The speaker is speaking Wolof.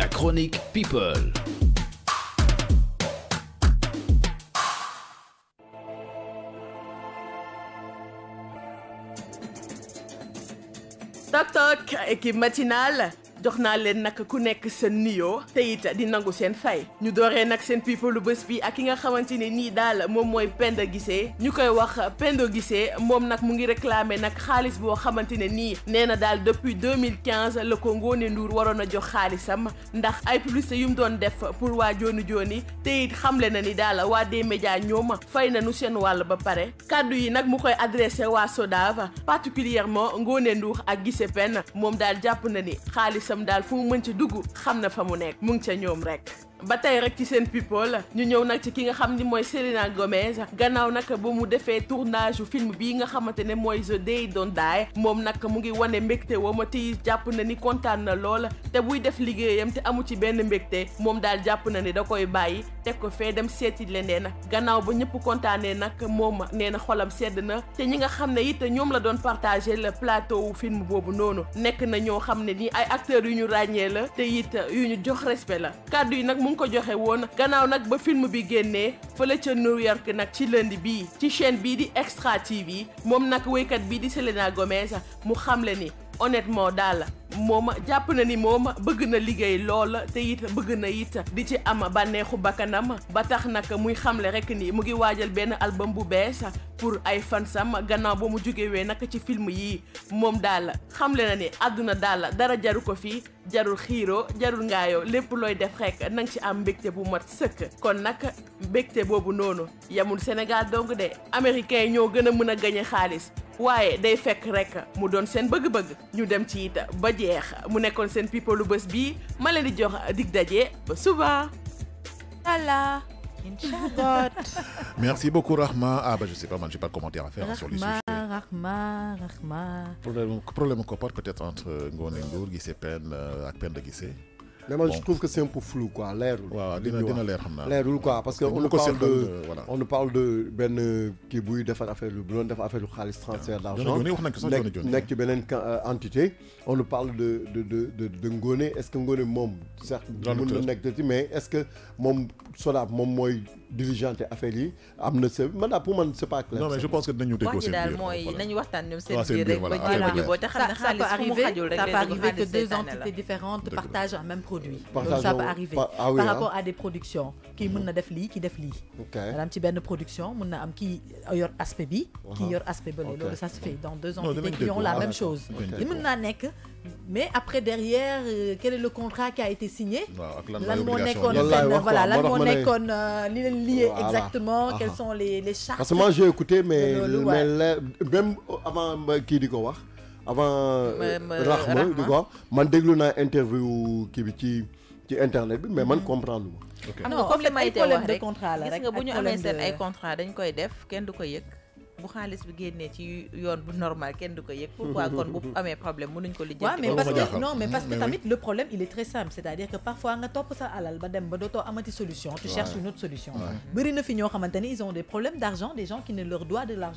la chronique People. Toc toc, équipe matinale, jox naa leen nag ku nekk seen nuyoo te it di nangu seen fay ñu dooree nag seen people lu bés bi ak yi nga xamante ne nii daal moom mooy Penda Guissé ñu koy wax Pendo Guissé moom nag mu ngi réclamer nag xaalis boo xamante ne nii nee na daal depuis 2015 la ko ngoone Ndour waroon a jox xaalisam ndax ay publicité yu mu doon def pour waa jooni jooni te it xamle na ni daal waa des médias ñoom fay na nu seen wàll ba pare kàddu yi nag mu koy adressé waa Sodav particulièrement Ngoné Ndour ak Guissé Pène moom daal jàpp am daal fu mu mën ci dugg xam na fa mu nekk mu ngi ca ñoom rek ba tey rek ci seen people ñu ñëw nag ci ki nga xam ni mooy Selena Gomez gannaaw nag ba mu defee tournage film bii nga xamante ne mooy The Day Don't Die moom nag mu ngi wane mbégte woo ma ti jàpp na ni kontaan na loola te buy def liggéeyam te amu ci benn mbégte moom daal jàpp na ni da koy bàyyi teg ko fee dem seeti leneen gannaaw ba ñëpp kontaanee nag moom nee na xolam sedd na te ñi nga xam ne it ñoom la doon partagé le plateau wu film nekk na ñoo xam ne ni ay acteurs yu ñu ràññee la te it yu ñu jox respect la mu ko joxe woon gannaaw nag ba film bi génnee fële ca New nag ci lënd bii ci chaîne bii di Extra TV moom nag wéykat bii di Selena Gomez mu xamle ni honnêtement daal mooma jàpp na ni moom bëgg na liggéey lool te it bëgg na it di ci am bànneexu bakkanam ba tax nag muy xamle rek ni mu ngi waajal benn album bu bees pour ay fan sàmm gannaaw ba mu jógewee nag ci film yii moom daal xamle na ni àdduna daal dara jaru ko fi jarul xiiro jarul ngaayoo lépp looy def rek na nga ci am mbégte bu mat sëkk kon nag mbégte boobu noonu yamul Sénégal dong de américain ñoo gën a mën a gañe xaalis waaye day fekk rek mu doon seen bëgg-bëgg ñu dem ci it ba jeex mu nekkoon seen people lu bés bii ma leen di jox dig daje ba suba. voilà. Merci beaucoup Rahma. Ah bah je sais pas, moi j'ai pas de commentaire à faire sur le sujet. Rahma, Rahma. Problème, problème qu'on porte peut-être entre Ngon et Ngour, Guissé peine, euh, peine de Guissé mais moi bon. je trouve que c'est un peu flou quoi L'air, l'air dina quoi parce que on nous parle de on nous parle de benn kii buy defar affaire lu bu doon defar affaire lu xaalis transfert d'argent nekk ci beneen euh, entité on nous parle de de de de de Ngoné est-ce que Ngoné mom certes mën na nekk ci mais est-ce que moom Sodav mom moy dirigeante affaire yi pas non mais je pense que ça peut que deux entités différentes partagent un même produit. ça peut arriver par ah hein. rapport à des productions. qui def production am aspect aspect ça se fait dans deux entités qui ont la ah, même chose mais après derrière euh, quel est le contrat qui a été signé monnaie qu'on nekkoon voilà la monnaie qu'on li lié exactement quelles sont les les charges? parce que moi j'ai écouté mais mais même avant qui dit quoi avant Rahman, dit quoi man déglu na interview qui bi ci ci internet mais man mhm. comprendre comprends. xam ah non, comme li may de contrat. rek gis nga buñu amé ay contrat dañ koy def kenn du ko yek bu xaalis bi génnee ci yoon bu normal kenn du ko yëg. pourquoi kon bu amee problème mënuñ ko lijjanti. waaw mais parce que non mais parce que tamit le problème il est très simple c'est-à-dire que parfois nga topp sa alal ba dem ba dootoo amati solution. tu cherches une autre solution. bëri na fi ñoo xamante ni ils ont des problèmes d'argent des gens qui ne leur doivent de l'argent